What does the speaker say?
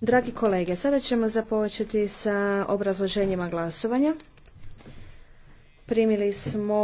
Dragi kolege, sada ćemo započeti sa obrazloženjima glasovanja. Primili smo